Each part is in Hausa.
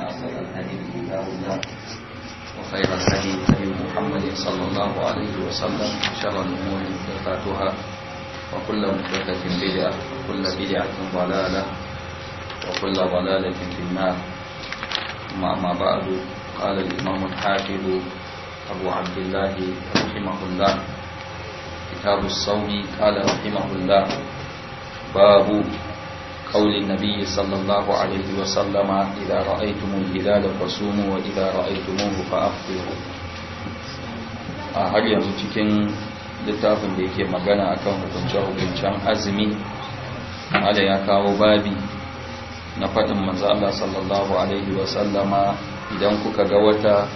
فإن أصدق الحديث كتاب الله وخير الهدي هدي محمد صلى الله عليه وسلم شر الأمور محدثاتها وكل محدثة بدعة وكل بدعة ضلالة وكل ضلالة في النار ثم أما بعد قال الإمام الحافظ أبو عبد الله رحمه الله كتاب الصوم قال رحمه الله باب قول النبي صلى الله عليه وسلم إذا رأيتم الهلال فصوموا وإذا رأيتموه فأفطروا har yanzu cikin littafin da yake magana akan hukunce-hukuncen azumi ala ya kawo babi na faɗin manzo Allah sallallahu alaihi wasallama idan kuka ga wata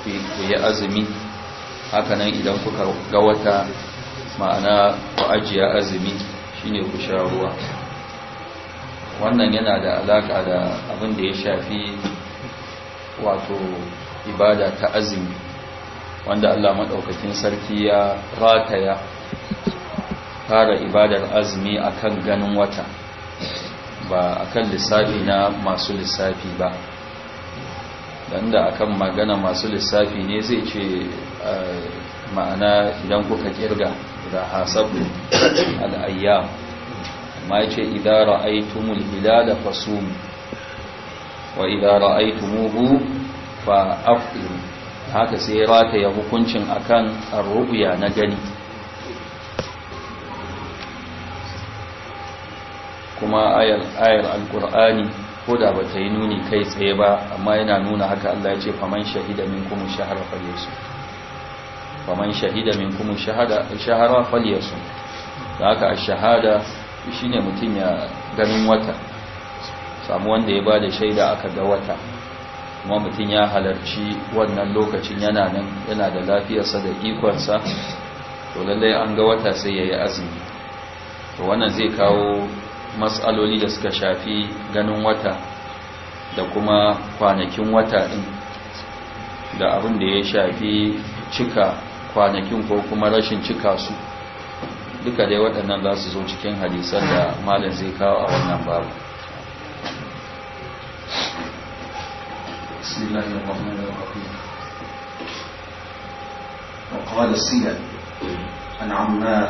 ku yi azumi hakanan idan kuka ga wata ma'ana ku ajiye azumi shine ku sha ruwa wannan yana da alaka da abin da ya shafi wato ibada ta azumi wanda Allah maɗaukakin sarki ya rataya fara ibadar azumi akan ganin wata ba akan lissafi na masu lissafi ba dan da akan magana masu lissafi ne zai ce eh, ma'ana idan kuka kirga da hasabu al-ayyam ma yace idza ra'aytumul hilala fasum wa idza ra'aytumuhu fa afṭiru haka sai rata ya hukuncin akan ar na gani kuma ayar ayar alqur'ani koda ta yi nuni kai tsaye ba amma yana nuna haka Allah ya ce faman shahida minkum shahara falyasu faman shahida minkum shahada shahara falyasu da haka ash-shahada shi ne mutum ya ganin wata samu wanda ya ba da shaida aka ga wata kuma mutum ya halarci wannan lokacin yana nan yana da lafiyarsa da ikonsa to lallai an ga wata sai ya yi azumi to wannan zai kawo matsaloli da suka shafi ganin wata da kuma kwanakin wata din, da abin da ya shafi cika kwanakin ko kuma rashin cika su duka dai waɗannan za su zo cikin hadisar da malin zai kawo a wannan babu وقال الصيد عن عمار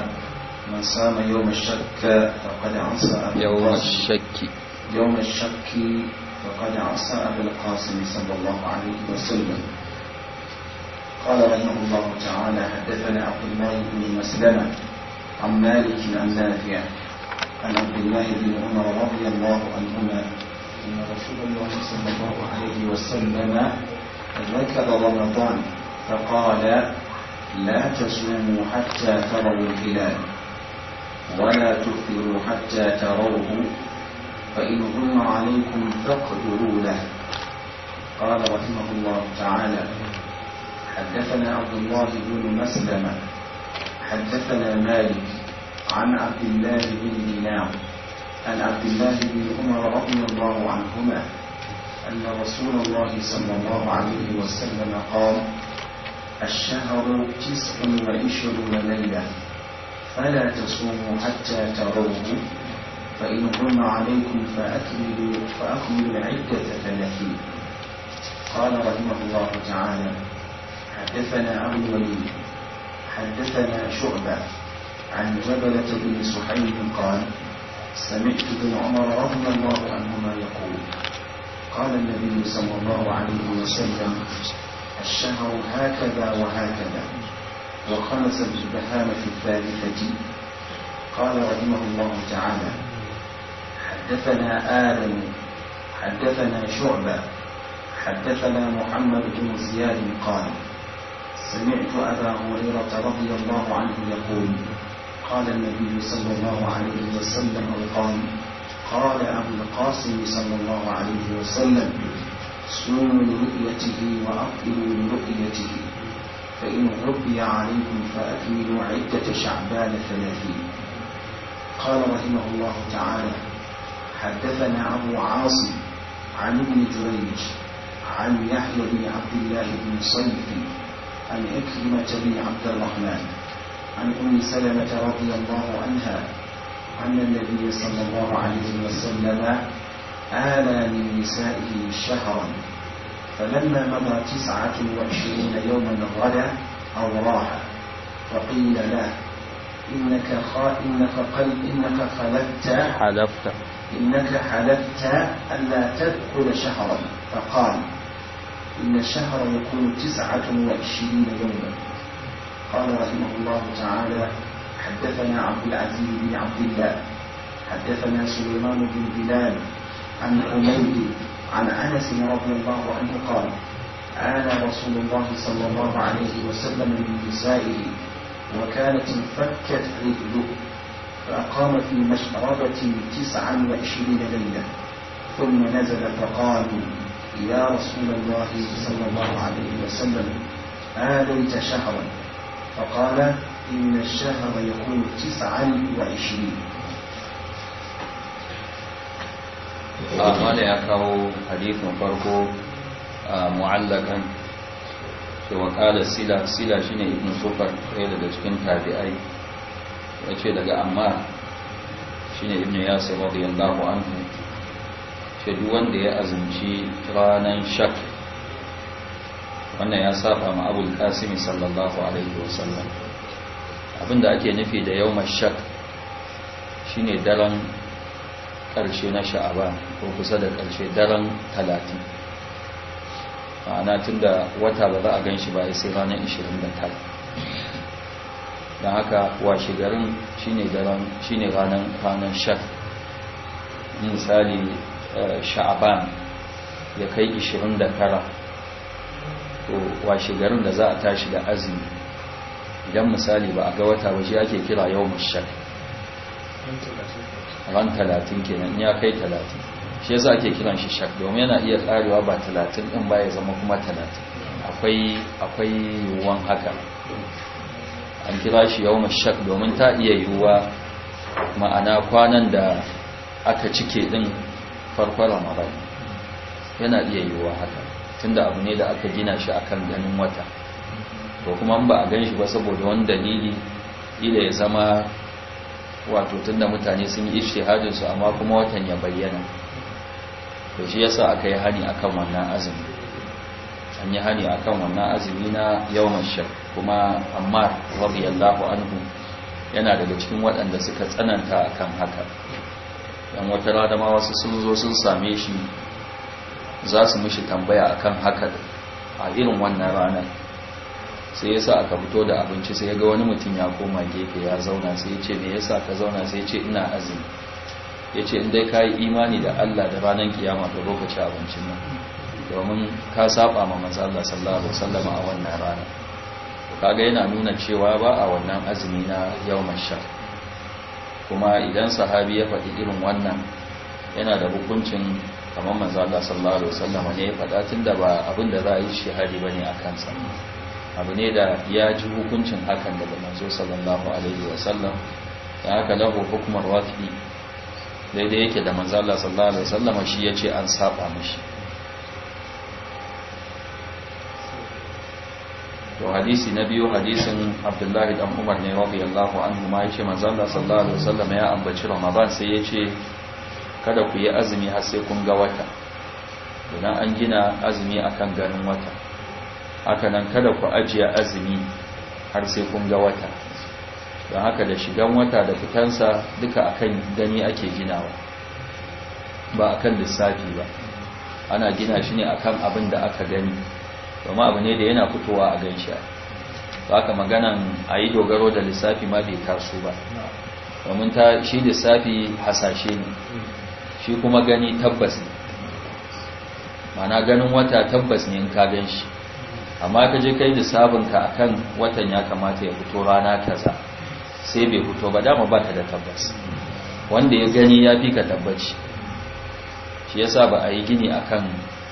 من صام يوم الشك فقد عصى يوم الشك يوم الشك فقد عصى أبا القاسم صلى الله عليه وسلم قال رحمه الله تعالى حدثنا عبد الله بن مسلمه عن مالك عن نافع يعني. عن عبد الله بن عمر رضي الله عنهما أن رسول الله صلى الله عليه وسلم ركب رمضان فقال لا تصوموا حتى تروا الهلال ولا تفطروا حتى تروه فإن غم عليكم فاقدروا له قال رحمه الله تعالى حدثنا عبد الله بن مسلمه حدثنا مالك عن عبد الله بن دينار عن عبد الله بن عمر رضي الله عنهما أن رسول الله صلى الله عليه وسلم قال الشهر تسع وعشرون ليلة فلا تصوموا حتى تروه فإن غم عليكم فأكملوا فأكملوا العدة ثلاثين قال رحمه الله تعالى حدثنا أبو الوليد حدثنا شعبة عن جبلة بن سحيم قال سمعت ابن عمر رضي الله عنهما يقول قال النبي صلى الله عليه وسلم الشهر هكذا وهكذا وخلصت البهامة الثالثة قال رحمه الله تعالى حدثنا آدم حدثنا شعبة حدثنا محمد بن زياد قال سمعت أبا هريرة رضي الله عنه يقول قال النبي صلى الله عليه وسلم او قال أبو القاسم صلى الله عليه وسلم صوموا لرؤيته وأقبلوا لرؤيته فإن ربي عليكم فأكملوا عدة شعبان ثلاثين قال رحمه الله تعالى حدثنا أبو عاصم عن ابن جريج عن يحيى بن عبد الله بن صيف عن عكرمة بن عبد الرحمن عن أم سلمة رضي الله عنها أن النبي صلى الله عليه وسلم آلى من نسائه شهرا فلما مضى تسعة وعشرين يوما غدا أو راح فقيل له إنك إنك قل إنك خلفت حلفت إنك حلفت ألا تدخل شهرا فقال إن الشهر يكون تسعة وعشرين يوما قال رحمه الله تعالى حدثنا عبد العزيز بن عبد الله حدثنا سليمان بن بلال عن حميد عن أنس رضي الله عنه قال آل رسول الله صلى الله عليه وسلم من نسائه وكانت انفكت رجله فأقام في مشربة تسعا وعشرين ليلة ثم نزل فقال يا رسول الله صلى الله عليه وسلم آذنت شهرا فقال إن الشهر يكون تسعا وعشرين مالا ya kawo hadithin farko mu'allakan cewa kala sila sila shine ibn sufar ɗaya daga cikin tabi'ai ya ce daga amma shine ibn yasir radiyallahu anhu ke duk wanda ya azumci ranan shak wannan ya saba ma abul kasimi sallallahu alaihi wasallam abinda ake nufi da yau shak shine daren ƙarshe na sha'aba ko kusa da karshe daren talatin ma'ana tun da wata ba za a gan shi ba sai ranar 29 don haka washe garin shine ranar shak misali Eh, sha'aban ya kai 29 to washe garin da za a tashi da azumi idan misali ba a ga wata waje ake kira yau mashar ran 30 kenan ya kai 30 shi yasa ake kiran shi shak domin yana iya karewa ba 30 din ba ya zama kuma 30 akwai akwai yiwuwan haka an kira shi yau mashak domin ta iya yiwuwa ma'ana kwanan da aka cike din farkon ramadan yana iya yiwuwa haka tunda abu ne da aka gina shi akan ganin wata to kuma ba a gan shi ba saboda wani dalili ila ya zama wato tunda mutane sun yi ishtihadin su amma kuma watan ya bayyana to shi yasa aka yi hani akan wannan azumi an yi hani akan wannan azumi na yau shak kuma amma radiyallahu anhu yana daga cikin waɗanda suka tsananta akan haka yan wata rada ma wasu sun zo sun same shi za su mishi tambaya akan haka a irin wannan rana. sai ya sa aka fito da abinci sai ya ga wani mutum ya koma gefe ya zauna sai ya ce me sa ka zauna sai ya ce ina azumi ya ce dai ka yi imani da Allah da ranar kiyama da lokaci abincin nan domin ka saba ma manzala sallallahu alaihi wasallam a wannan rana kaga yana nuna cewa ba a wannan azumi na yau shar kuma idan sahabi ya faɗi irin wannan yana da hukuncin kamar manzo Allah sallallahu alaihi wasallam ne ya faɗa tunda ba abin da za a yi shahadi bane a kansa abu ne da ya ji hukuncin hakan daga manzo sallallahu alaihi wasallam ya haka lahu hukumar wafi daidai yake da manzo Allah sallallahu alaihi wasallam shi yace an saba mishi to hadisi na biyu hadisin abdullahi dan umar ne radiyallahu anhu ma yace manzon mazalla sallallahu alaihi wasallam ya ambaci ramadan sai yace kada ku yi azumi har sai kun ga wata idan an gina azumi akan ganin wata haka nan kada ku ajiye azumi har sai kun ga wata don haka da shigan wata da fitansa duka akan gani ake ginawa ba akan lissafi ba ana gina shi ne akan abin da aka gani kuma abu ne da yana fitowa a gaishe ba ka maganan a yi dogaro da lissafi ma bai taso ba domin ta shi lissafi hasashe ne shi kuma gani tabbas ne mana ganin wata tabbas ne in ka gan shi amma ka je kai lissabinka a kan watan ya kamata ya fito rana kaza sai bai fito ba dama ba ka da tabbas wanda ya gani ya fi ka tabbaci shi yasa ba a yi gini akan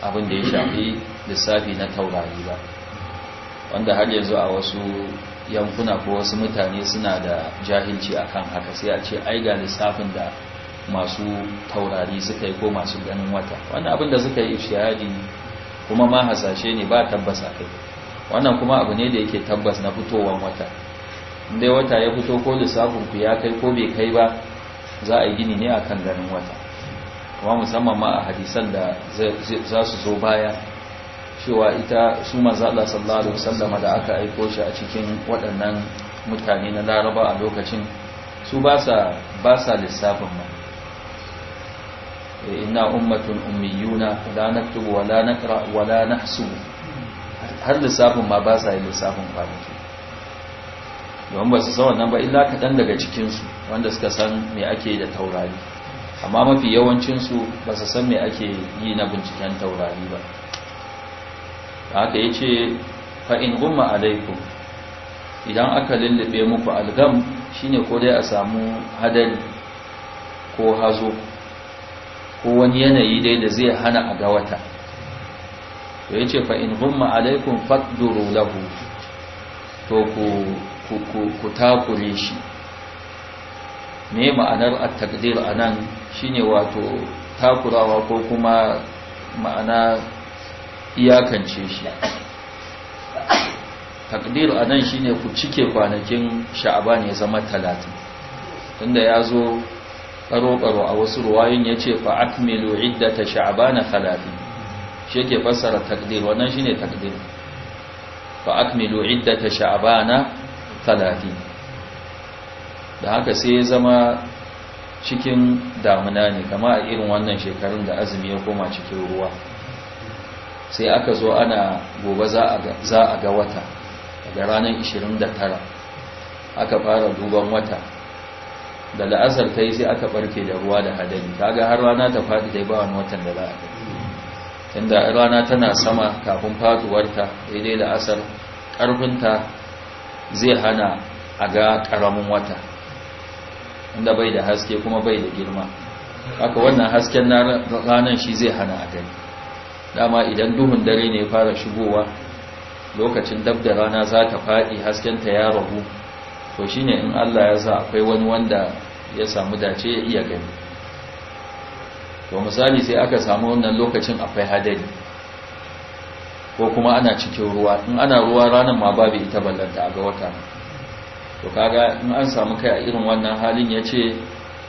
abin da ya shafi lissafi na taurari ba wanda har yanzu a wasu yankuna ko wasu mutane suna da jahilci akan haka sai a ce ai ga lissafin da masu taurari suka yi ko masu ganin wata wannan abin da suka yi shahadi kuma ma hasashe ne ba tabbas a kai wannan kuma abu ne da yake tabbas na fitowar wata dai wata ya fito ko lissafin ku ya kai ko bai kai ba za a yi gini ne akan ganin wata kuma musamman ma a hadisan da za su zo baya cewa ita su manzo sallallahu alaihi da aka aiko shi a cikin waɗannan mutane na Laraba a lokacin su ba sa ba sa lissafin ma eh, inna ummatun ummiyuna la naktubu wa la naqra wa har lissafin ma ba sa yi lissafin kwanaki don ba su san wannan ba illa kaɗan daga cikinsu wanda suka san me ake da taurari amma mafi yawancinsu ba su san me ake yi na binciken taurari ba haka ya ce fa'in gumma alaikun. idan aka lullube muku algam shine ko dai a samu hadari ko hazo ko wani yanayi dai da zai hana a ga wata to ya ce fa'in gumma alaikum faɗduru lahu to ku takure shi me ma'anar a takdir a shi shine wato takurawa ko kuma ma'ana iyakance shi takdir a nan shi ku cike kwanakin sha'aban ya zama talatin tunda ya zo ɓaro-ɓaro a wasu ruwayin ya ce fa'akmilu iddata sha'aban na talatin shi yake fassara takdir wannan shi ne takdir fa'akmilu iddata sha'aban na talatin da haka sai ya zama cikin damuna ne kama a irin wannan shekarun da azumi ya koma cikin ruwa sai aka zo ana gobe za a ga wata daga ranar 29 aka fara duban wata da la'asar ta yi sai aka barke da ruwa da hadari ga har rana ta fadi dai ba wani watan da za a gani. inda rana tana sama kafin fatuwarta daidai la'asar ƙarfinta zai hana a ga ƙaramin wata inda bai da haske kuma bai da girma haka wannan hasken ranar shi zai hana a gani dama idan duhun dare ne fara shigowa lokacin dab da rana za ta faɗi haskenta ya ragu to shine in Allah ya sa akwai wani wanda ya samu dace ya iya gani to misali sai aka samu wannan lokacin akwai hadari ko kuma ana cikin ruwa in ana ruwa ranar ma babu ita ballanta a ga wata to kaga in an samu kai a irin wannan halin ya ce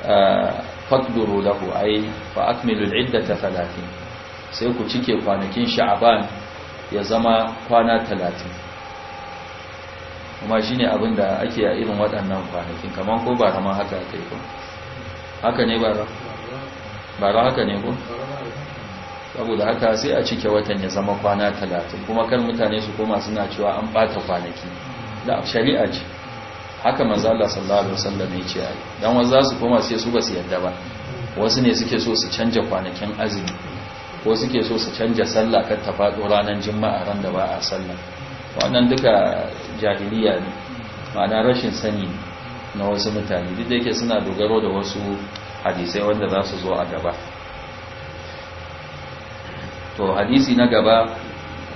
ah, faqduru lahu ay fa akmilu al'idda ta talatin. sai ku cike kwanakin sha'aban ya zama kwana talatin kuma shi ne abin da ake a irin waɗannan kwanakin kamar ko ba rama haka ta yi haka ne bara bara haka ne ku? saboda haka sai a cike watan ya zama kwana talatin kuma kan mutane su koma suna cewa an ɓata kwanaki da shari'a ce haka maza Allah sallallahu alaihi wasallam ya ce ai dan wasu za su koma sai su ba su yadda ba wasu ne suke so su canja kwanakin azumi ko suke so su canja sallah kan ta faɗo ranar juma'a ran da ba a sallah wannan duka jahiliya ne ma'ana rashin sani na wasu mutane duk da yake suna dogaro da wasu hadisai wanda za su zo a gaba to hadisi na gaba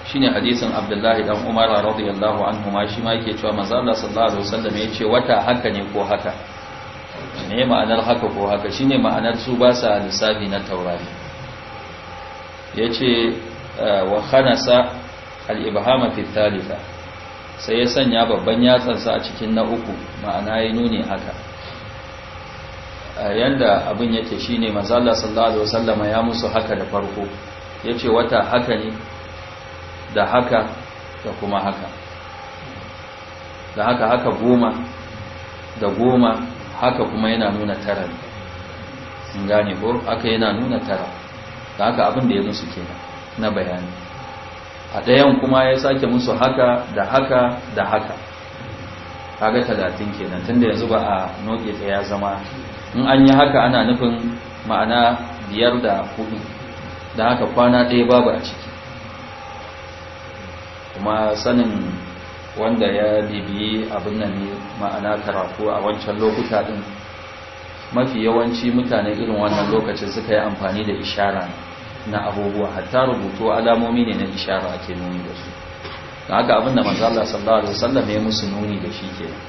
shine hadisin Abdullahi dan Umar radiyallahu anhu ma shi ma yake cewa manzo Allah sallallahu alaihi wasallam yace wata haka ne ko haka me ma'anar haka ko haka shine ma'anar su ba sa lissafi na taurari yace eh, wa khanasa al-ibhama fi thalitha sai ya sanya babban yatsansa a cikin na uku ma'ana ya nuni haka eh, yadda abin yake shine manzo Allah sallallahu alaihi wasallama ya musu haka da farko yace wata haka ne da haka da kuma haka da haka haka goma da goma haka kuma yana nuna tara gane ko haka yana nuna tara da haka abin da ya musu ke na bayani a ɗayan kuma ya sake musu haka da haka da haka kaga talatin kenan tunda yanzu ba a noke ta ya zama in an yi haka ana nufin ma'ana biyar da hudu da haka kwana ɗaya babu a ciki kuma sanin wanda ya bibiyi abin nan ne ma'ana karatu a wancan lokuta ɗin mafi yawanci mutane irin wannan lokacin suka yi amfani da ishara na abubuwa hatta rubutu alamomi ne na ishara ake nuni da su da haka abinda manzala sallallahu alaihi wasallam ya musu nuni da shi kenan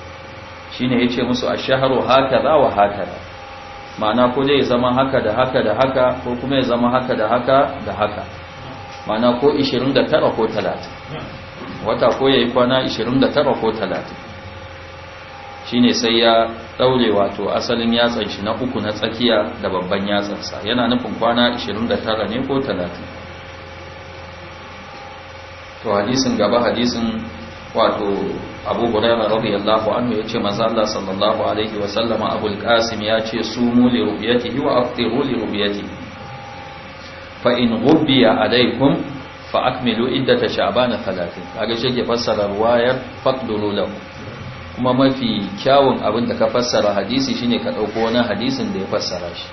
shine yace musu ash-shahru hakaza wa hakaza ma'ana ko dai ya zama haka da haka da haka ko kuma ya zama haka da haka da haka ma'ana ko 29 ko 30 wata ko yayi kwana 29 ko 30 shine sai ya daure wato asalin yatsan shi na uku na tsakiya da babban yatsansa yana nufin kwana 29 ne ko 30 to hadisin gaba hadisin wato abu hurairah radiyallahu anhu yace manzo Allah sallallahu alaihi wa sallama abul qasim yace sumu li ru'yatihi wa aftiru li ru'yatihi fa in ghubbiya alaikum fa akmilu iddata sha'bana 30 kaga shi ke fassara ruwayar faqduru lahu kuma mafi kyawun abin da ka fassara hadisi shine ka ɗauko wani hadisin da ya fassara shi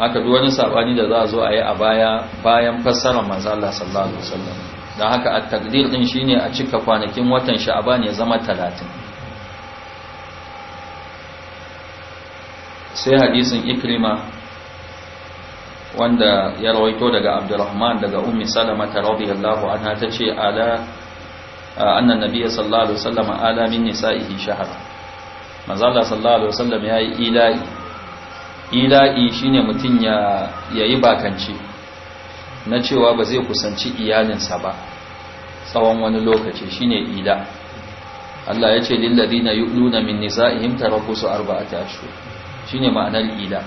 haka duk wani sabani da za a zo a yi a baya bayan fassara manzo Allah sallallahu alaihi wasallam dan haka at-taqdir din shine a cika kwanakin watan sha'ban ya zama 30 sai hadisin ikrima wanda ya rawaito daga Abdurrahman daga Ummi Salama radiyallahu anha tace ala anna nabiyya sallallahu alaihi wasallam ala min nisa'ihi shahar manzo Allah sallallahu alaihi wasallam yayi ila'i ila'i shine mutun ya yayi bakance na cewa ba zai kusanci iyalinsa ba tsawon wani lokaci shine ila Allah ya ce lilladina yu'luna min nisa'ihim tarabbusu arba'ata ashhur shine ma'anar ila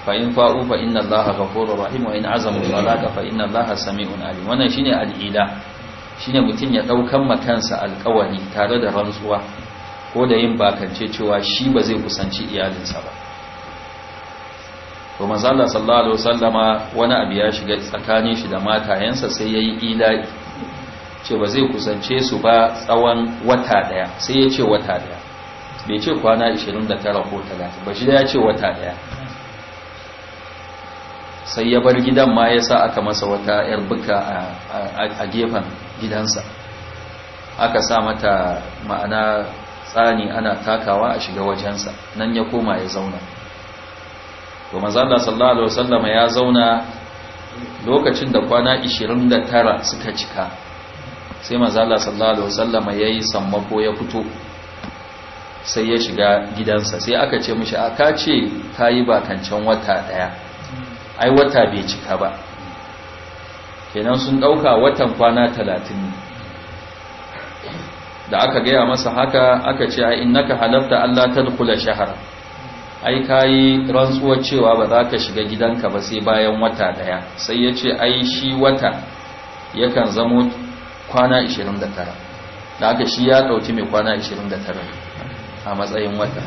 fa in fa'u fa inna Allaha ghafurur rahim wa in azamu talaqa fa inna Allaha sami'un alim wannan shine al-ila Shi ne mutum ya daukan makansa alkawari tare da rantsuwa ko da yin bakance cewa shi ba zai kusanci iyalinsa ba to manzala sallallahu alaihi wasallama wani abu ya shiga tsakanin shi da matayensa sai yayi ila'i ce ba zai kusance su ba tsawon wata daya sai ya ce wata daya bai ce kwana 29 ko 30 ba shi da ya ce wata daya sai ya bar gidan ma ya sa aka masa wata 'yar buka a gefen gidansa aka sa mata ma'ana tsani ana takawa a shiga wajensa nan ya koma ya zauna to manzala sallallahu alaihi wasallam ya zauna lokacin da kwana 29 suka cika sai manzala sallallahu alaihi wasallam yayi sammako ya fito sai ya shiga gidansa sai aka ce mishi a ka ce kayi bakancan wata daya ai wata bai cika ba kenan sun ɗauka watan kwana talatin da aka gaya masa haka aka ce a innaka halarta Allah ta dukula shahara ai ka yi rantsuwar cewa ba za ka shiga gidanka ba sai bayan wata daya sai ya ce ai shi wata yakan zamo kwana 29 da aka shi ya ɗauki mai kwana 29 a matsayin wata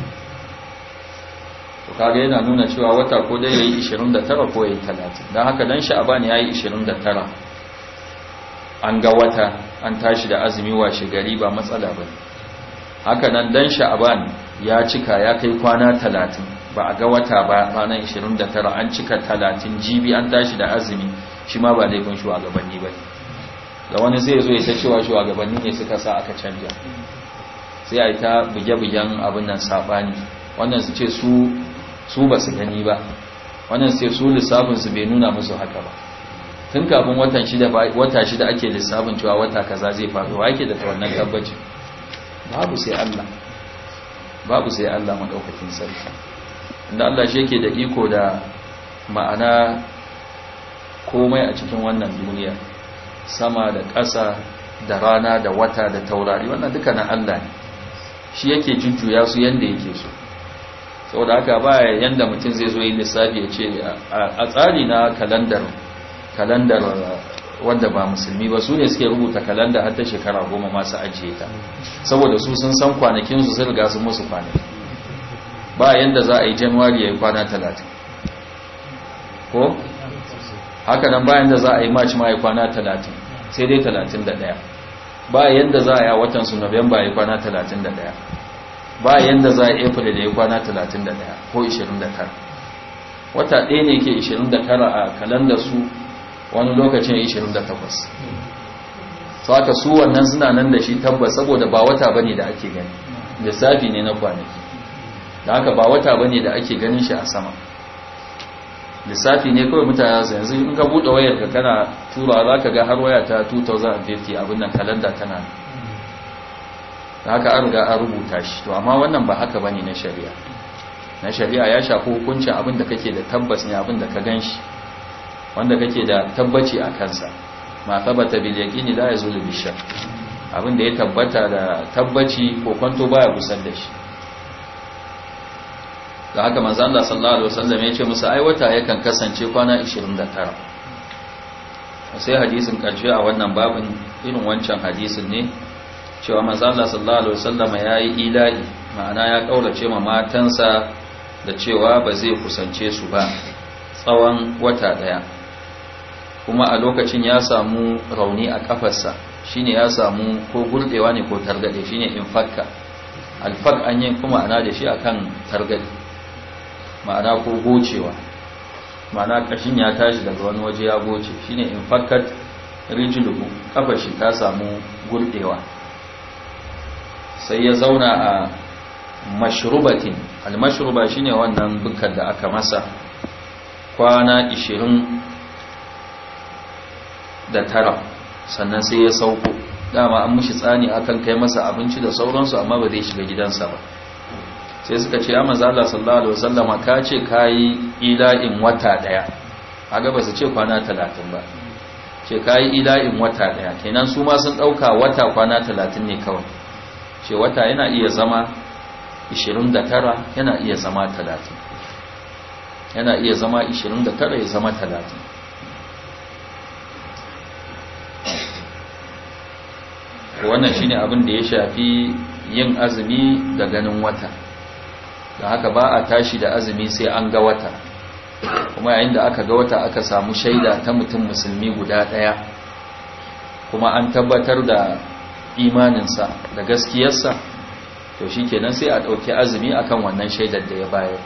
to kaga yana nuna cewa wata ko dai yayi 29 ko yayi 30 dan haka dan sha'ban yayi 29 an ga wata an tashi da azumi washe gari ba matsala bane haka nan dan sha'ban ya cika ya kai kwana 30 ba a ga wata ba kwana 29 an cika 30 jibi an tashi da azumi shi ma ba laifin shugabanni ba da wani zai zo ya ta cewa shugabanni ne suka sa aka canja sai a ta buge-bugen abin nan saɓani wannan su ce su su ba su gani ba wannan sai su lissafinsu bai nuna musu haka ba tun kafin watan wata shida ake lissafin cewa wata kaza zai faru wa ake da wannan tabbacin babu sai Allah babu sai Allah sarki inda Allah shi yake da iko da ma'ana komai a cikin wannan duniya sama da ƙasa da rana da wata da taurari wannan duka na Allah ne shi yake jujjuya su yanda yake so saboda haka ba yanda mutum zai zo yi lissafi ya ce a tsari na kalandar kalandar wanda ba musulmi ba su ne suke rubuta kalanda har ta shekara goma masu ajiye ta saboda su sun san kwanakin su sun riga sun musu kwanaki ba yanda za a yi januwari ya yi kwana talatin ko haka nan bayan da za a yi march ma ya kwana talatin sai dai talatin da daya ba yanda za a yi a su november ya kwana talatin da daya. ba yadda za a da ya kwana 31 ko 29 wata ɗaya ne ke 29 a kalanda su wani lokacin 28 su aka su wannan suna nan da shi tabbas saboda ba wata ba ne da ake gani lissafi ne na kwanaki da haka ba wata ba ne da ake ganin shi a sama lissafi ne kawai mutane su yanzu in ka buɗe wayar ka kana tura za ka ga har waya ta 2050 abin nan kalanda tana haka an riga an rubuta shi to amma wannan ba haka bane na shari'a na shari'a ya shafi hukuncin abin da kake da tabbas ne abin da ka ganshi wanda kake da tabbaci a kansa ma thabata bil yaqini la yazulu bi shakk abin da ya tabbata da tabbaci ko kwanto baya gusar da shi da haka manzo Allah sallallahu alaihi wasallam ya ce musu ai wata yakan kasance kwana 29 sai hadisin karshe a wannan babin irin wancan hadisin ne cewa manzala sallallahu alaihi ya yi ilahi ma'ana ya kaulace ma matansa da cewa ba zai kusance su ba tsawon wata daya kuma a lokacin ya samu rauni a kafarsa shine ya samu ko guldewa ne ko targade shine infakka alfak an yi kuma ana da shi akan targade ma'ana ko gocewa ma'ana kashin ya tashi daga wani waje ya goce shine infakkat rijiluhu kafar shi ta samu guldewa sai ya zauna a mashrubatin almashruba shine wannan bukkar da aka masa kwana 20 da tara sannan sai ya sauko dama an mushi tsani akan kai masa abinci da sauransu amma ba zai shiga gidansa ba sai suka ce ya manzo Allah sallallahu alaihi wasallam ka ce kai ila'in wata daya kaga ba su ce kwana 30 ba ce kai ila'in wata daya kenan su ma sun dauka wata kwana 30 ne kawai ce wata yana iya zama 29 yana iya zama 30 yana iya zama 29 ya zama 30 wannan shine abin da ya shafi yin azumi da ganin wata da haka ba a tashi da azumi sai an ga wata kuma yayin da aka ga wata aka samu shaida ta mutum musulmi guda daya kuma an tabbatar da imaninsa da gaskiyarsa to shi kenan sai a ɗauki azumi akan wannan shaidar da ya bayar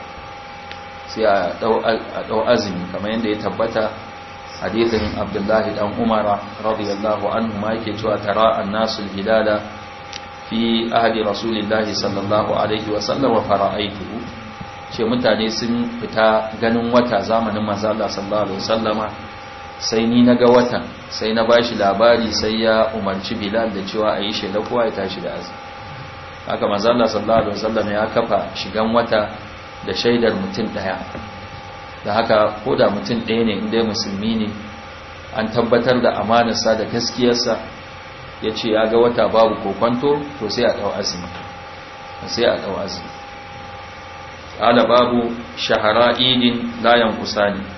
sai a ɗau azumi kamar yadda ya tabbata hadithin abdullahi ɗan umara radiyallahu anhu ma yake cewa tara annasu Hidada fi ahadi rasulillahi sallallahu alaihi sallam wa Fara'aitu ce mutane sun fita ganin wata zamanin manzo Allah sallallahu alaihi sai ni na ga watan sai na ba shi labari sai ya umarci bilal da cewa a yi shaida kowa ya tashi da azumi haka Mazalla sallallahu alaihi wasallam ya kafa shigan wata da shaidar mutum daya da haka ko da mutum ɗaya ne inda musulmi ne an tabbatar da amanarsa da gaskiyarsa ya ce ya ga wata babu kokonto to sai a ɗau azumi sai a ɗau azumi ƙala babu shahara idin layan kusa ne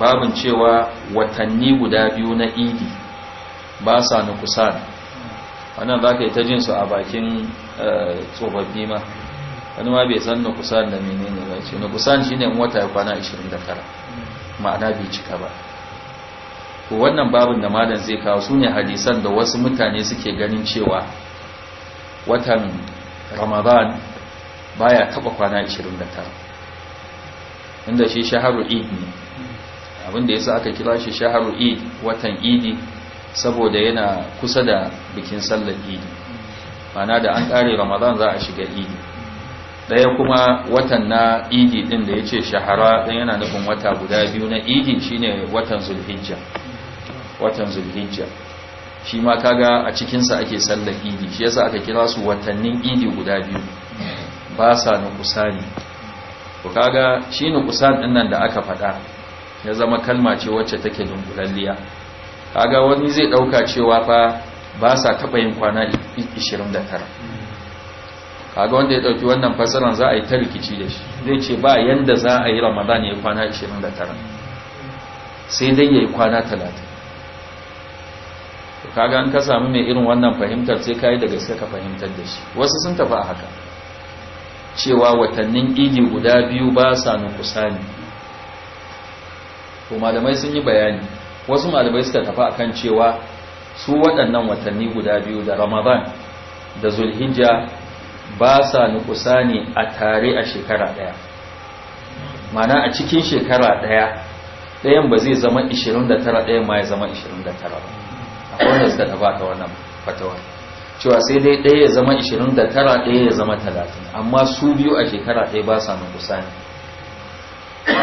babin cewa watanni guda biyu na idi ba sa nukusan wannan za ka yi ta jin su a bakin eh, tsofaffi ma wani ma bai san nukusan da menene ba ce nukusan shine in wata ya kwana 29 ma'ana bai cika ba ko wannan babin da malam zai kawo su ne hadisan da wasu mutane suke ganin cewa watan ramadan baya taba kwana 29 inda shi shaharu idi ne abinda yasa aka kira shi shaharu eid watan idi saboda yana kusa da bikin sallar idi mana da an kare ramadan za a shiga idi daya kuma watan na idi din da yace shahara dan yana nufin wata guda biyu na idi shine watan zulhijja watan zulhijja shi ma kaga a cikinsa ake sallar idi shi yasa aka kira su watannin idi guda biyu ba sa nukusani ku kaga shi nukusan ɗinnan da aka faɗa ya zama kalma ce wacce take dunkulalliya kaga wani zai dauka cewa fa ba sa taba yin kwana 29 kaga wanda ya dauki wannan fasaran za a yi ta rikici da shi zai ce ba yanda za a yi ramadan ya kwana 29 sai dai ya yi kwana 30 kaga an ka samu mai irin wannan fahimtar sai kai da gaske ka fahimtar da shi wasu sun tafi a haka cewa watannin idi guda biyu ba sa nukusa ne to malamai sun yi bayani wasu malamai suka tafi akan cewa su waɗannan watanni guda biyu da ramadan da zulhijja ba sa nukusa ne a tare a shekara ɗaya mana a cikin shekara ɗaya ɗayan ba zai zama 29 ɗayan ma ya zama 29 ba akwai wanda suka tafi ta wannan fatawa cewa sai dai ɗaya ya zama 29 ɗaya ya zama 30 amma su biyu a shekara ɗaya ba sa nukusa ne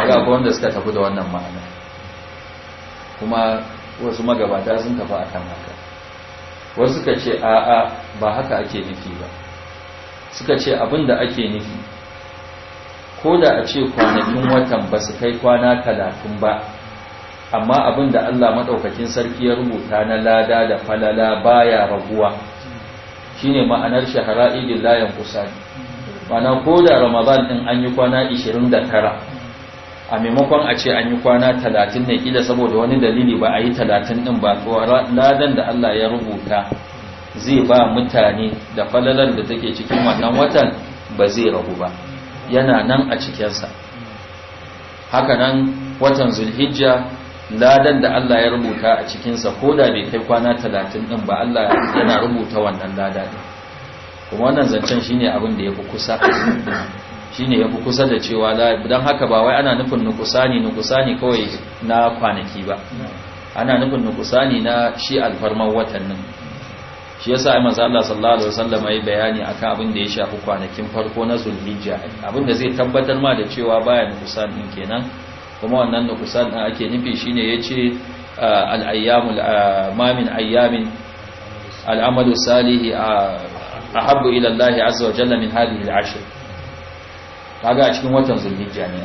ga wanda suka tafi da wannan ma'ana kuma wasu magabata sun tafi akan haka wasu suka ce a'a ba haka ake nufi ba suka ce abin ake nufi ko da a ce kwanakin watan ba su kai kwana talatin ba amma abin da allah maɗaukakin sarki ya rubuta na lada da falala baya raguwa shine ma'anar shahara idin layan kusa na ko da ramadan in an yi kwana 29 a maimakon a ce an yi kwana talatin ne kila saboda wani dalili ba a yi talatin ɗin ba to ladan da Allah ya rubuta zai ba mutane da falalar da take cikin wannan watan ba zai rabu ba yana nan a cikinsa haka nan watan zulhijja ladan da Allah ya rubuta a cikinsa ko da bai kai kwana talatin ɗin ba Allah yana rubuta wannan lada ne. kuma wannan zancen shine abin da ya fi kusa shine yafi kusa da cewa dan haka ba wai ana nufin nukusani nukusani kawai na kwanaki ba ana nufin nukusani na shi alfarman watannin shi yasa ai manzo Allah sallallahu alaihi wasallam yayi bayani akan abin da ya shafi kwanakin farko na Zulhijja abin da zai tabbatar ma da cewa baya nukusan din kenan kuma wannan nukusan a ake nufi shine yace al-ayyamul mamin ayyamin al-amalu salihi ahabbu ila Allah azza wa jalla min hadhihi al kaga a cikin watan zulhijja ne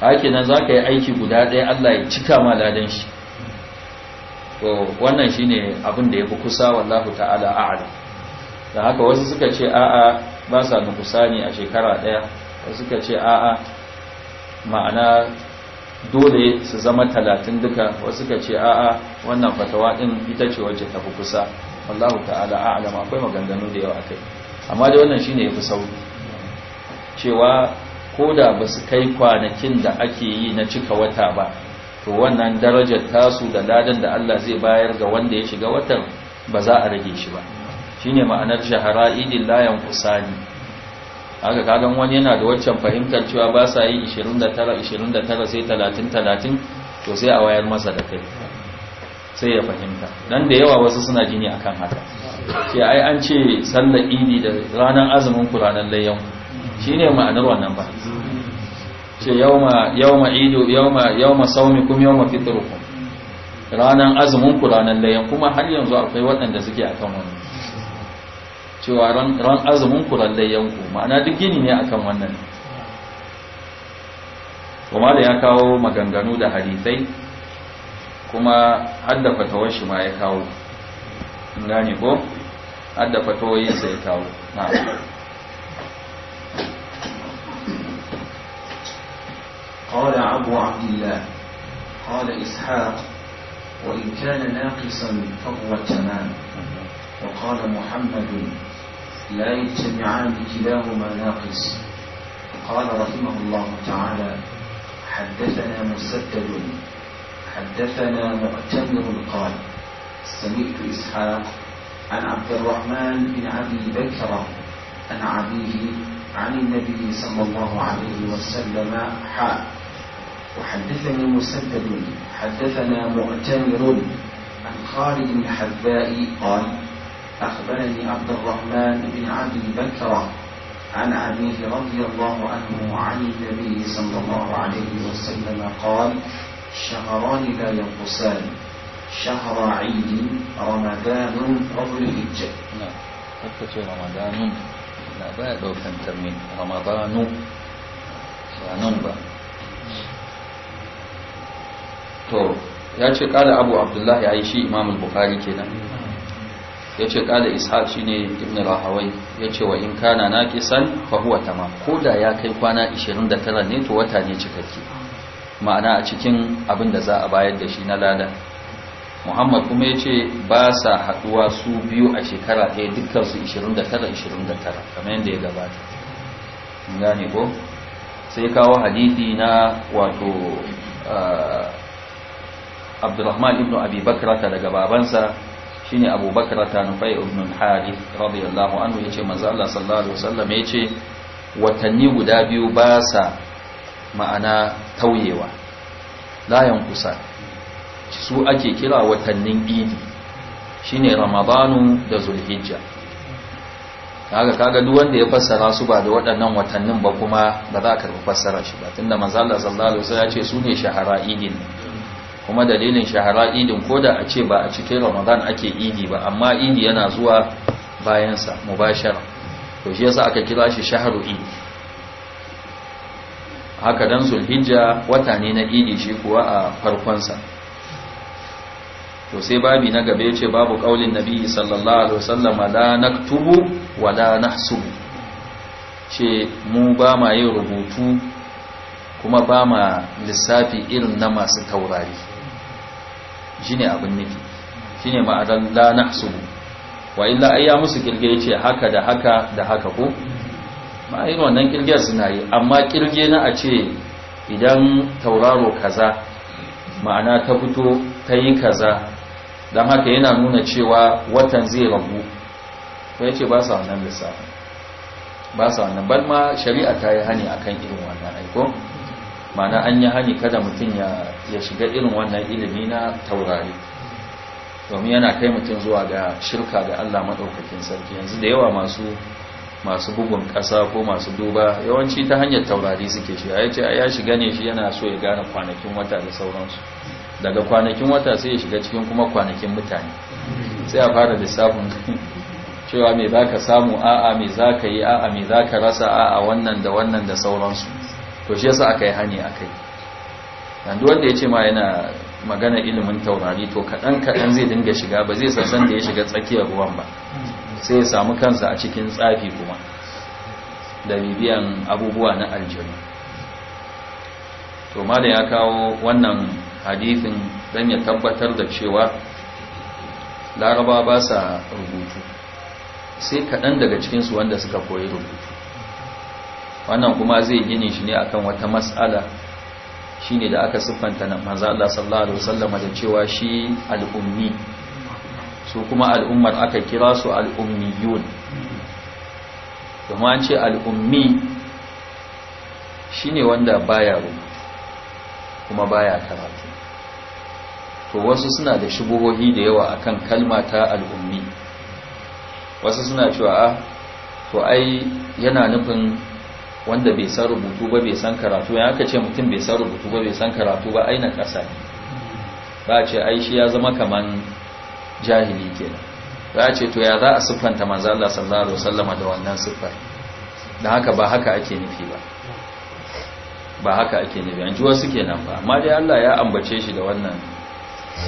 haka nan zaka yi aiki guda ɗaya Allah ya cika ma ladan shi to wannan shine abin da yafi kusa wallahu ta'ala a'lam dan haka wasu suka ce a'a ba sa nukusani a shekara ɗaya wasu suka ce a'a ma'ana dole su zama talatin duka wasu suka ce a'a wannan fatawa ɗin ita ce wacce ta fi kusa wallahu ta'ala a'lam akwai maganganu da yawa akai amma da wannan shine yafi sauki cewa ko da ba su kai kwanakin da ake yi na cika wata ba to wannan darajar tasu da ladan da Allah zai bayar ga wanda ya shiga watan ba za a rage shi ba Shi ne ma'anar shahara idin layan kusani haka kagan wani yana da waccan fahimtar cewa ba sa yi 29 29 sai 30 30 to sai a wayar masa da kai sai ya fahimta dan da yawa wasu suna jini akan haka Ke ai an ce sallar idi da ranar azumin ku ranar layyan shine ma'anar wannan ba ce yawma yawma idu yawma yawma kum yawma fitrukum ranan azumin ku ranan layan kuma har yanzu akwai waɗanda suke akan wannan cewa ran ran azumin ku ran layan ku ma'ana duk gini ne akan wannan kuma da ya kawo maganganu da hadisai kuma hadda fatawar shi ma ya kawo gane ko hadda fatawoyinsa ya kawo na'am قال أبو عبد الله قال إسحاق وإن كان ناقصا فهو تمام وقال محمد لا يجتمعان كلاهما ناقص قال رحمه الله تعالى حدثنا مسدد حدثنا مؤتمر قال سمعت إسحاق عن عبد الرحمن بن أبي بكر عن أبيه عن النبي صلى الله عليه وسلم حال وحدثني مسدد حدثنا مؤتمر عن خالد بن حذاء قال أخبرني عبد الرحمن بن عبد بكرة عن عبيه رضي الله عنه عن النبي صلى الله عليه وسلم قال شهران لا ينقصان شهر عيد رمضان رب الهجة نعم رمضان لا بعد لو من رمضان رمضان to ya ce kada abu abdullahi yi shi bukari bukhari kenan ya ce kala ishaq shine ibn rahawai ya ce wa in kana na kisan ta tamam ko da ya kai kwana 29 ne to wata ne cikakke ma'ana a cikin abin da za a bayar da shi na lada muhammad kuma ya ce ba sa haduwa su biyu a shekara ɗaya su 29-29 kamar yadda ya gabata gane ko sai kawo hadithi na wato ah, abdurrahman ibn abi bakrata daga babansa shine abu bakrata nufai ibn harith radiyallahu anhu yace manzo Allah sallallahu alaihi wasallam yace watanni guda biyu ba sa ma'ana tauyewa layan kusa su ake kira watannin idi shine ramadanu da zulhijja kaga kaga duk wanda ya fassara su ba da waɗannan watannin ba kuma ba za ka fassara shi ba tunda manzo Allah sallallahu alaihi wasallam ya ce su ne shahara idin kuma dalilin shahara idin ko da a ce ba a cikin ramadan ake idi ba amma idi yana zuwa bayansa mubashara to shi yasa aka kira shi shaharu idi haka dan sulhijja wata ne na idi shi kuwa a farkonsa to sai babi na gaba ce babu kaulin nabi sallallahu alaihi wasallam la naktubu wa la nahsubu ce mu ba ma yin rubutu kuma ba ma lissafi irin na masu taurari shine abin nufi shine ma'anar la nahsubu wa illa ayya musu kirge yace haka da haka da haka ko ma irin wannan kirge suna yi amma kirge na a ce idan tauraro kaza ma'ana ta fito ta yi kaza don haka yana nuna cewa watan zai rabu ko yace ba sa wannan lissafin ba sa wannan balma shari'a ta yi hani akan irin wannan aiko mana an yi hani kada mutum ya shiga irin wannan ilimi na taurari domin yana kai mutum zuwa ga shirka da Allah maɗaukakin sarki yanzu da yawa masu masu bugun ƙasa ko masu duba yawanci ta hanyar taurari suke shi ya ce ya shiga ne shi yana so ya gane kwanakin wata da sauransu daga kwanakin wata sai ya shiga cikin kuma kwanakin mutane sai a fara lissafin cewa me za ka samu a'a me za ka yi a'a me za ka rasa a'a wannan da wannan da sauransu to shi yasa aka yi hani akai yanzu wanda ya ce ma yana magana ilimin taurari to kaɗan kaɗan zai dinga shiga ba zai sassan da ya shiga tsakiyar ruwan ba sai ya samu kansa a cikin tsafi kuma da bibiyan abubuwa na aljanu to ma da ya kawo wannan hadisin don ya tabbatar da cewa laraba ba sa rubutu sai kaɗan daga cikinsu wanda suka koyi rubutu wannan kuma zai gini shi ne akan wata mas'ala shine da aka siffanta na manzo Allah sallallahu alaihi wasallama da cewa shi al'ummi, su kuma al'ummar aka kira su al'ummiyun ummiyun kuma ce al'ummi shi shine wanda baya rubutu kuma baya karatu to wasu suna da shigohi da yawa akan kalma ta al'ummi, wasu suna cewa ah, to ai yana nufin wanda bai san rubutu ba bai san karatu ya aka ce mutum bai san rubutu ba bai san karatu ba aina ƙasa ne ba ce ai shi ya zama kaman jahili kenan ba ce to ya za a siffanta manzo Allah sallallahu alaihi wasallam da wannan siffar dan haka ba haka ake nufi ba ba haka ake nufi an ji wasu kenan ba amma dai Allah ya ambace shi da wannan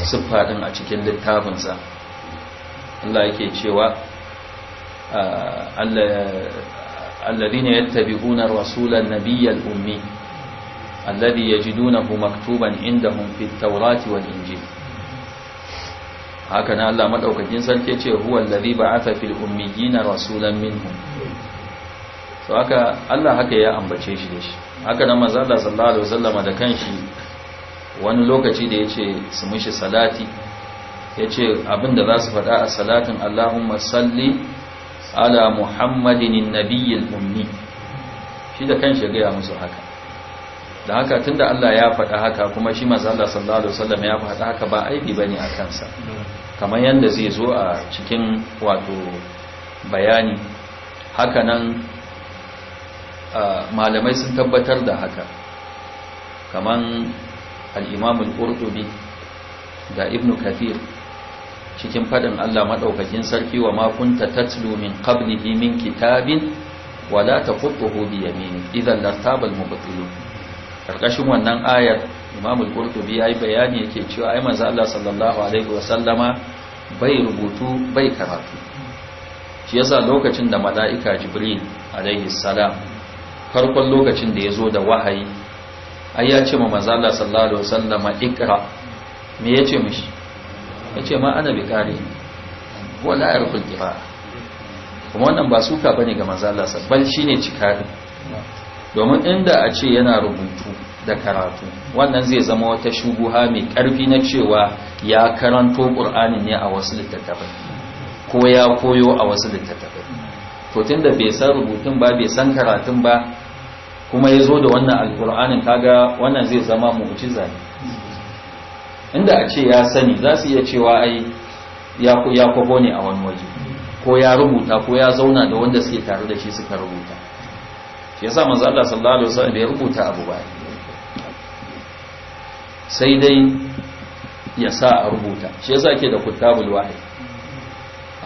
siffa din a cikin littafinsa Allah yake cewa ah, Allah الذين يتبعون الرسول النبي الأمي الذي يجدونه مكتوبا عندهم في التوراة والإنجيل هكذا الله مدعوكين سنكيتي هو الذي بعث في الأميين رسولا منهم فهكا الله هكا يا أنبتشيش ليش هكذا ما زال صلى الله عليه وسلم da kanshi wani lokaci da yace su mishi salati yace abinda za su faɗa a salatin Allahumma salli ala muhammadin nabiyyin ummi shi da kanshi gaya musu haka da haka tunda Allah ya faɗa haka kuma shi manzo Allah sallallahu alaihi wasallam ya faɗa haka ba aibi bane a kansa kamar yanda zai zo a cikin wato bayani haka nan malamai sun tabbatar da haka kamar al-Imam al-Qurtubi da Ibn Kathir cikin fadin Allah madaukakin sarki wa ma kunta tatlu min qablihi min kitabin wa la taqutuhu bi yaminik idan lartabal mubtilun karkashin wannan ayar Imam al-Qurtubi yayi bayani yake cewa ai manzo Allah sallallahu alaihi sallama. bai rubutu bai karatu shi yasa lokacin da mala'ika Jibril alaihi salam farkon lokacin da yazo da wahayi ai ya ce manzo Allah sallallahu alaihi wasallama ikra me yace mishi ce ma ana bikari huwa la yarfu jira kuma wannan ba suka bane ga manzo Allah shi shine cikari domin inda a ce yana rubutu da karatu wannan zai zama wata shubuha mai karfi na cewa ya karanto qur'ani ne a wasu littattafai ko ya koyo a wasu littattafai to tunda bai san rubutun ba bai san karatun ba kuma ya zo da wannan alkur'anin kaga wannan zai zama mu'jiza zane. inda a ce ya sani za su iya cewa ai ya kwabo ne a wani waje ko ya rubuta ko ya zauna da wanda suke tare da shi suka rubuta shi yasa manzo Allah sallallahu alaihi wasallam bai rubuta abu ba sai dai ya sa a rubuta shi yasa yake da kutabul wahid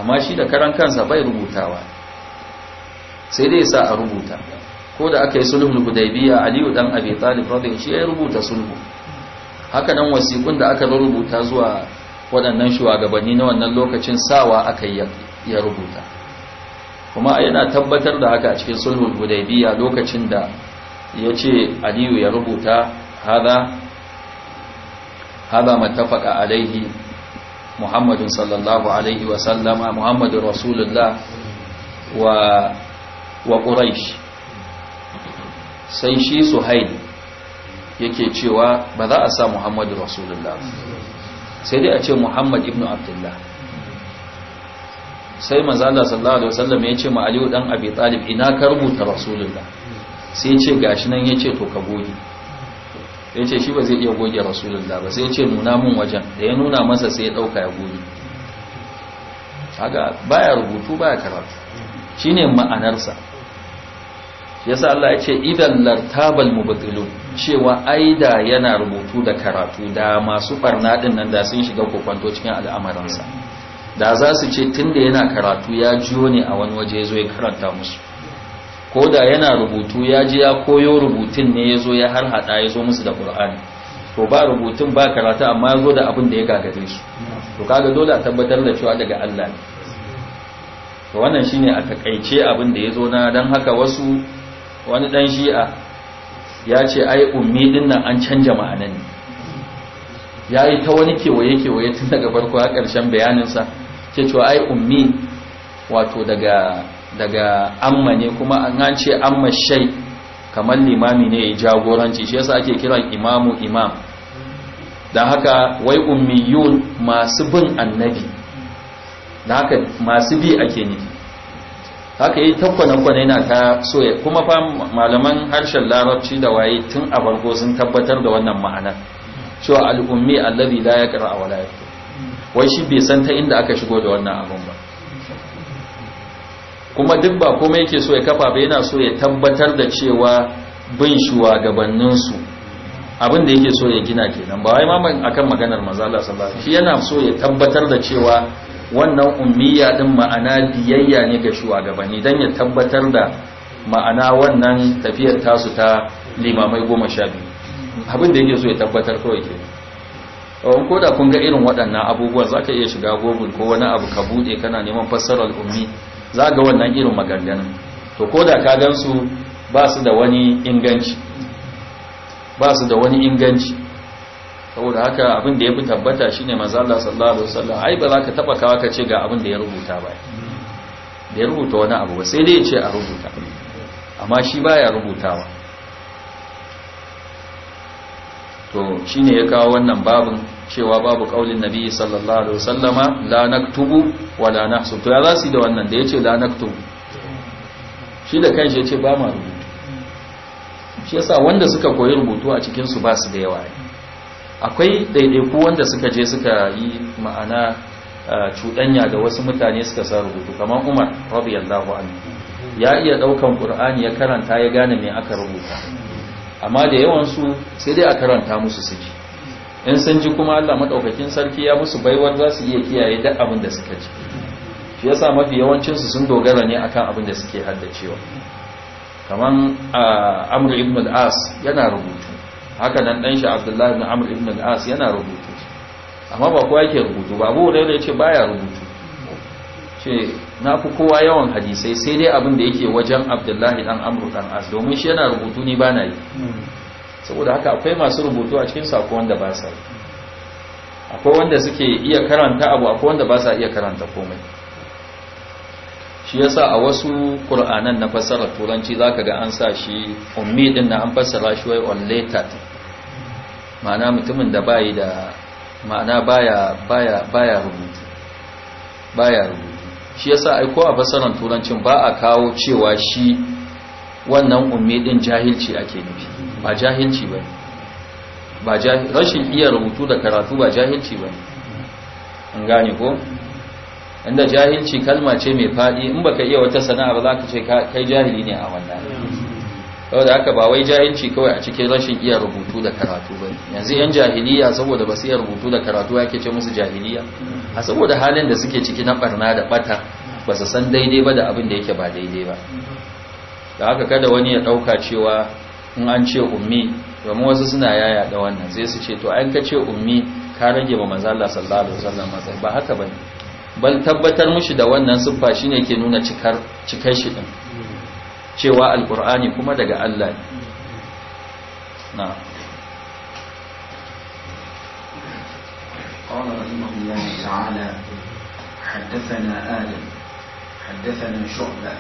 amma shi da karan kansa bai rubutawa sai dai ya sa a rubuta ko da aka yi sulhul hudaybiya aliyu dan abi talib radiyallahu anhu shi ya rubuta sulhu haka nan wasiƙun da aka rubuta zuwa waɗannan shugabanni na wannan lokacin sawa aka ya rubuta kuma yana tabbatar da haka a cikin sulhul hudaybiya lokacin da ya ce aliyu ya rubuta hada hada matafaka alaihi muhammadun sallallahu alaihi wasallama muhammadun rasulullah wa wa quraish sai shi suhaili yake cewa ba za a sa muhammadu rasulullah sai dai a ce muhammad ibn abdullah sai manzala sallallahu alaihi wasallam ya ce ma aliyu dan abi talib ina ka rubuta rasulullah sai ya ce gashi nan ya ce to ka goge ya ce shi ba zai iya goge rasulullah ba sai ya ce nuna mun wajen da ya nuna masa sai ya ɗauka ya goge haka baya rubutu baya karatu shine ma'anarsa yasa Allah ya ce idan lartabal mubtilu cewa aida yana rubutu da karatu da masu barna din nan da sun shiga kokwanto cikin al'amuransa da za su ce tunda yana karatu ya jiyo ne a wani waje zo ya karanta musu ko da yana rubutu ya ji ya koyo rubutun ne yazo ya har hada ya musu da qur'ani to ba rubutun ba karatu amma yazo da abin da ya gagare su to kaga dole a tabbatar da cewa daga Allah ne to wannan shine a takaice abin da ya na dan haka wasu wani dan shi'a ya ce ai ummi din nan an canja ma'anan ne ya yi ta wani kewaye-kewaye tun daga farko a ƙarshen bayaninsa ke cewa ai ummi wato daga daga amma ne kuma an ce amma shai kamar limami ne ya jagoranci shi yasa ake kiran imamu imam don haka wai ummiyun masu bin annabi don haka masu bi ake nufi haka yi takwanakwana yana ta soya kuma fa malaman harshen larabci da waye tun a farko sun tabbatar da wannan ma'anar cewa al'ummi allazi la yaqra wa la yaktub wai shi bai san ta inda aka shigo da wannan abin ba kuma duk ba komai yake so ya kafa ba yana so ya tabbatar da cewa bin shugabanninsu abin da yake so ya gina kenan ba wai ma akan maganar manzo Allah sallallahu alaihi wasallam shi yana so ya tabbatar da cewa wannan ummiya din ma'ana biyayya ne ga shugabanni dan ya tabbatar da ma'ana wannan tafiyar tasu ta limamai goma sha biyu abin da yake so ya tabbatar kawai ke oh, Ko koda kun ga irin waɗannan abubuwan za ka iya shiga google ko wani abu ka buɗe kana neman fassarar ummi za wannan irin maganganun to koda ka gansu ba su da wani inganci ba su da wani inganci saboda haka abin da ya fi tabbata shine manzo Allah sallallahu alaihi wasallam ai ba za ka taba kawaka ce ga abin da ya rubuta ba da ya rubuta wani abu ba sai dai ya ce a rubuta amma shi baya rubutawa to shi ne ya kawo wannan babin cewa babu kaulin nabi sallallahu alaihi sallama, la tubu, wa la su to ya zasu da wannan da ya ce la tubu. shi da kan shi ya ce ba ma rubutu shi sa wanda suka koyi rubutu a cikinsu ba su da yawa ne akwai daidaiku wanda suka je suka yi ma'ana cuɗanya da wasu mutane suka sa rubutu kamar umar radiyallahu anhu ya iya ɗaukan ƙur'ani ya karanta ya gane mai aka rubuta amma da yawansu sai dai a karanta musu suke in sun ji kuma allah maɗaukakin sarki ya musu baiwar za su iya kiyaye duk abin da suka ji shi sa mafi yawancinsu sun dogara ne akan abin da suke haddacewa kamar amur ibn al-as yana rubutu haka nan dan shi abdullahi na amr ibn al-as yana rubutu amma ba kowa yake rubutu ba abu da yace baya rubutu ce na fi kowa yawan hadisai sai dai abin da yake wajen abdullahi dan amr dan as domin shi yana rubutu ni bana yi saboda haka akwai masu rubutu a cikin sako wanda ba sa akwai wanda suke iya karanta abu akwai wanda ba sa iya karanta komai shi yasa a wasu qur'anan na fassarar turanci zaka ga an sa shi ummi din na an fassara shi wai on later ma'ana mutumin da bayi da ma'ana baya baya baya rubutu baya rubutu shi yasa ai ko a basaran turancin ba a kawo cewa shi wannan ummi din jahilci ake nufi ba jahilci ba ba rashin iya rubutu da karatu ba jahilci ba an gane ko inda jahilci kalma ce mai fadi in baka iya wata sana'a ba za ka ce kai jahili ne a wannan da haka ba wai jahilci kawai a cikin rashin iya rubutu da karatu ba yanzu yan jahiliya saboda ba su iya rubutu da karatu ya ke ce musu jahiliya a saboda halin da suke ciki na barna da bata ba su san daidai ba da abin da yake ba daidai ba da haka kada wani ya dauka cewa in an ce ummi domin wasu suna yaya da wannan sai su ce to an ka ce ummi ka rage ba manzo Allah sallallahu alaihi wasallam ba haka bane bal tabbatar mushi da wannan siffa shine ke nuna cikar cikar shi din cewa alkur'ani kuma daga Allah na قال رحمه الله تعالى حدثنا آدم حدثنا شعبة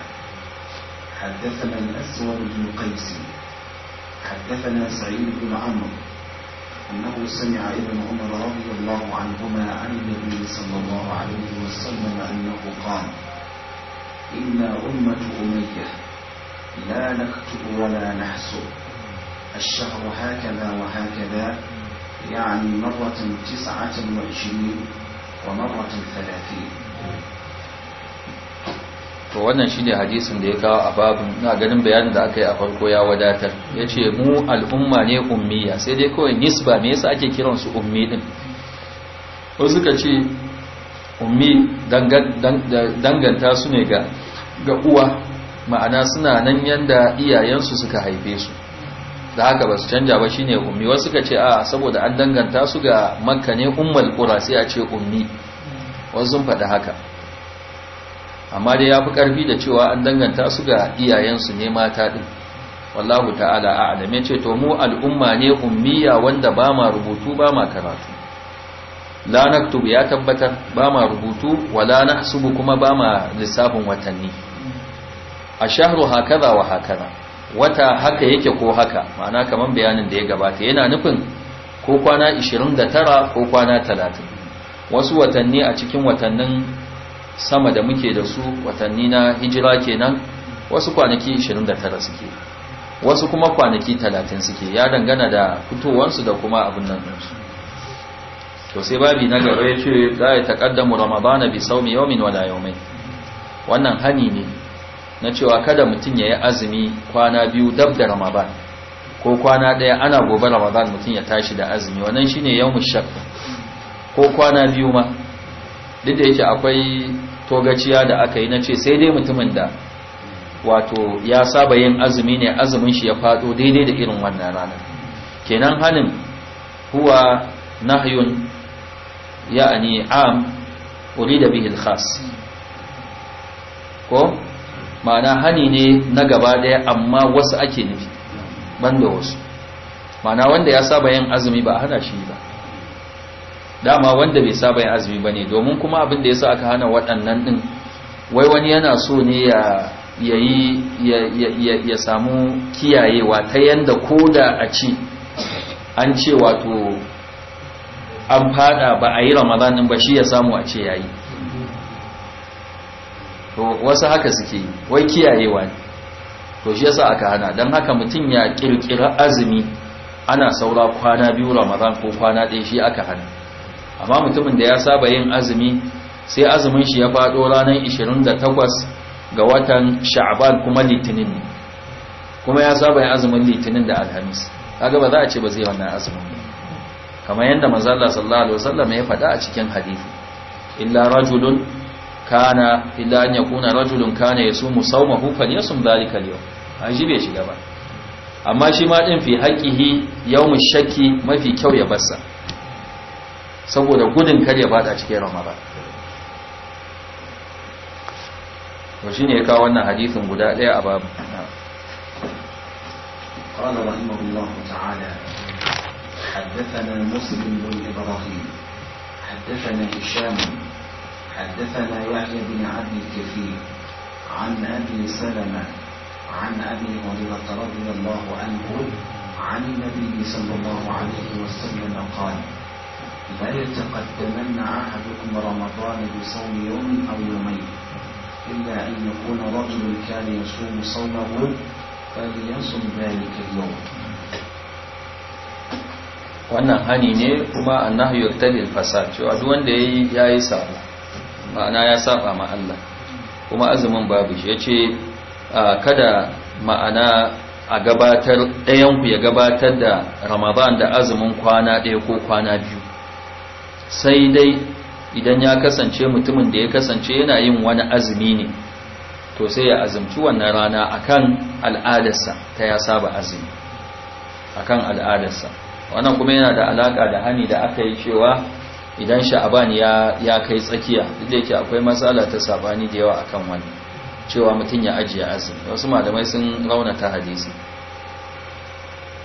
حدثنا الأسود بن قيس حدثنا سعيد بن عمرو أنه سمع ابن عمر رضي الله عنهما عن النبي صلى الله عليه وسلم أنه قال إنا أمة أمية لا نكتب ولا نحسب الشهر هكذا وهكذا يعني مرة تسعة وعشرين ومرة ثلاثين to wannan shine hadisin da ya kawo a babin na ganin bayanin da aka yi a farko ya wadatar ya ce mu al'umma ne ummiya sai dai kawai nisba me yasa ake kiransu ummi din ko suka ce ummi danganta su ne ga uwa ma'ana suna nan yanda iyayensu suka haife su da haka ba su canja ba shine ummi wasu suka ce a saboda an danganta su ga makka ne ummal qura sai a ce ummi wasu sun faɗi haka amma dai yafi karfi da cewa an danganta su ga iyayensu ne mata din wallahu ta'ala a'lam yace to mu al'umma ne ummiya wanda ba ma rubutu ba ma karatu la naktubu ya tabbatar ba ma rubutu wala nahsubu kuma ba ma lissafin watanni a haka hakaza wa hakaza wata haka yake ko haka ma'ana kamar bayanin da ya gabata yana nufin ko kwana 29 ko kwana 30 wasu watanni a cikin watannin sama da muke da su watanni na hijira kenan wasu kwanaki 29 suke wasu kuma kwanaki 30 suke ya dangana da fitowansu da kuma abin nan su to sai babi na gaba ya ce za ya taƙaddamu ramadana bi saumi yawmin wala yawmin wannan hani ne na cewa kada mutum ya yi azumi kwana biyu dab da ramadan ko kwana ɗaya ana gobe ramadan mutum ya tashi da azumi wannan shine yawmul shak ko kwana biyu ma duk da yake akwai togaciya da aka yi na ce sai dai mutumin da wato ya saba yin azumi ne azumin shi ya faɗo daidai da irin wannan rana kenan hanin huwa nahyun ya'ani am urida bihi al-khas ko ma'ana hani ne na gaba daya amma wasu ake nufi banda wasu ma'ana wanda ya saba yin azumi ba a hana shi ba dama wanda bai saba yin azumi ba ne domin kuma abin da ya sa aka hana waɗannan ɗin wai wani yana so ne ya yi ya samu kiyayewa ta yadda ko da a ci an ce wato an fada ba a yi ramadanin ba shi ya samu a ce yayi to wasu haka suke wai kiyayewa ne to shi yasa aka hana don haka mutum ya kirkira azumi ana saura kwana biyu ramadan ko kwana ɗaya shi aka hana amma mutumin da ya saba yin azumi sai azumin shi ya faɗo ranar 28 ga watan sha'ban kuma litinin ne kuma ya saba yin azumin litinin da alhamis kaga ba za a ce ba zai wannan azumin kamar yadda manzo Allah sallallahu alaihi wasallam ya faɗa a cikin hadisi illa rajulun kana illa an yakuna rajulun kana yasumu sawmahu falyasum dhalika al-yawm aji bai shiga ba amma shi ma din fi haqqihi yawm shakki mafi kyau ya bassa saboda gudun kar ya fada cikin ramadan to shine ya kawo wannan hadisin guda daya a babu قال رحمه الله تعالى حدثنا مسلم بن ابراهيم حدثنا هشام حدثنا يحيى بن عبد الكفير عن أبي سلمة عن أبي هريرة رضي الله عنه عن النبي صلى الله عليه وسلم قال لا يتقدمن أحدكم رمضان بصوم يوم أو يومين إلا أن يكون رجل كان يصوم صومه فليصم ذلك اليوم wannan hani ne kuma annahu yaktali al-fasad cewa duk wanda yayi yayi ma'ana ya saba ma Allah kuma azumin babu shi yace kada ma'ana a gabatar ɗayanku ya gabatar da ramadan da azumin kwana ɗaya ko kwana biyu sai dai idan ya kasance mutumin da ya kasance yana yin wani azumi ne to sai ya azumci wannan rana akan al'adarsa ta ya saba azumi akan al'adarsa wannan kuma yana da alaka da hani da aka yi cewa idan sha'aban ya kai tsakiya duk da yake akwai matsala ta sabani da yawa akan wani cewa mutum ya ajiye azumi wasu malamai sun raunata hadisi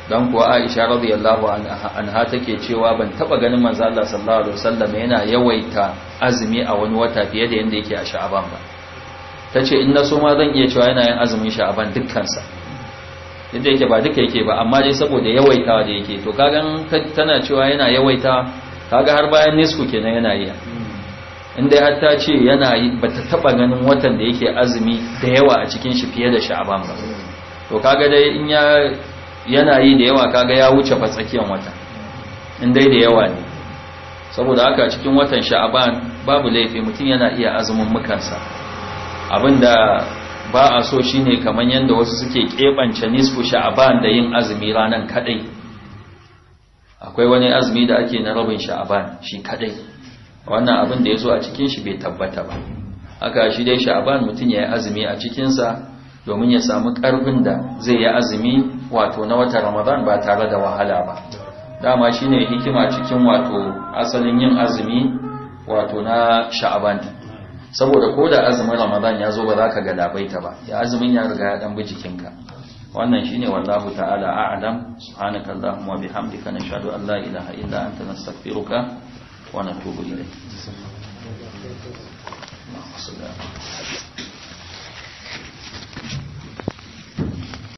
Don kuwa Aisha radiyallahu anha take cewa ban taba ganin manzo Allah sallallahu alaihi wasallam yana yawaita azumi a wani wata fiye da yanda yake a sha'aban ba tace in na so ma zan iya cewa yana yin azumin sha'aban dukkan sa yadda yake ba duka yake ba amma dai saboda yawaitawa da yake to kagan tana cewa yana yawaita kaga har bayan nesku kenan yana yi inda har ta ce yana yi ba ta taba ganin watan da yake azumi da yawa a cikin shi fiye da sha'aban ba to kaga dai in ya yana yi da yawa kaga ya wuce fa tsakiyar watan in dai da yawa ne saboda haka cikin watan sha'aban babu laifi mutum yana iya azumin mukansa abinda ba a so shine kamar yanda wasu suke kebance nisfu sha'aban da yin azumi ranan kadai akwai wani azumi da ake na rabin sha'aban shi kadai wannan abin da ya zo a cikin shi bai tabbata ba aka shi dai sha'aban mutum ya yi azumi a cikinsa domin ya samu karfin da zai yi azumi wato na wata ramadan ba tare da wahala ba dama shi ne hikima cikin wato asalin yin azumi wato na sha'aban saboda ko da azumin ramadan ya zo ba za ka ga labaita ba ya azumin ya riga ya dan bi jikinka wannan shine wallahu ta'ala a'lam subhanaka allahumma bihamdika nashhadu an la ilaha illa anta nastaghfiruka wa natubu ilayk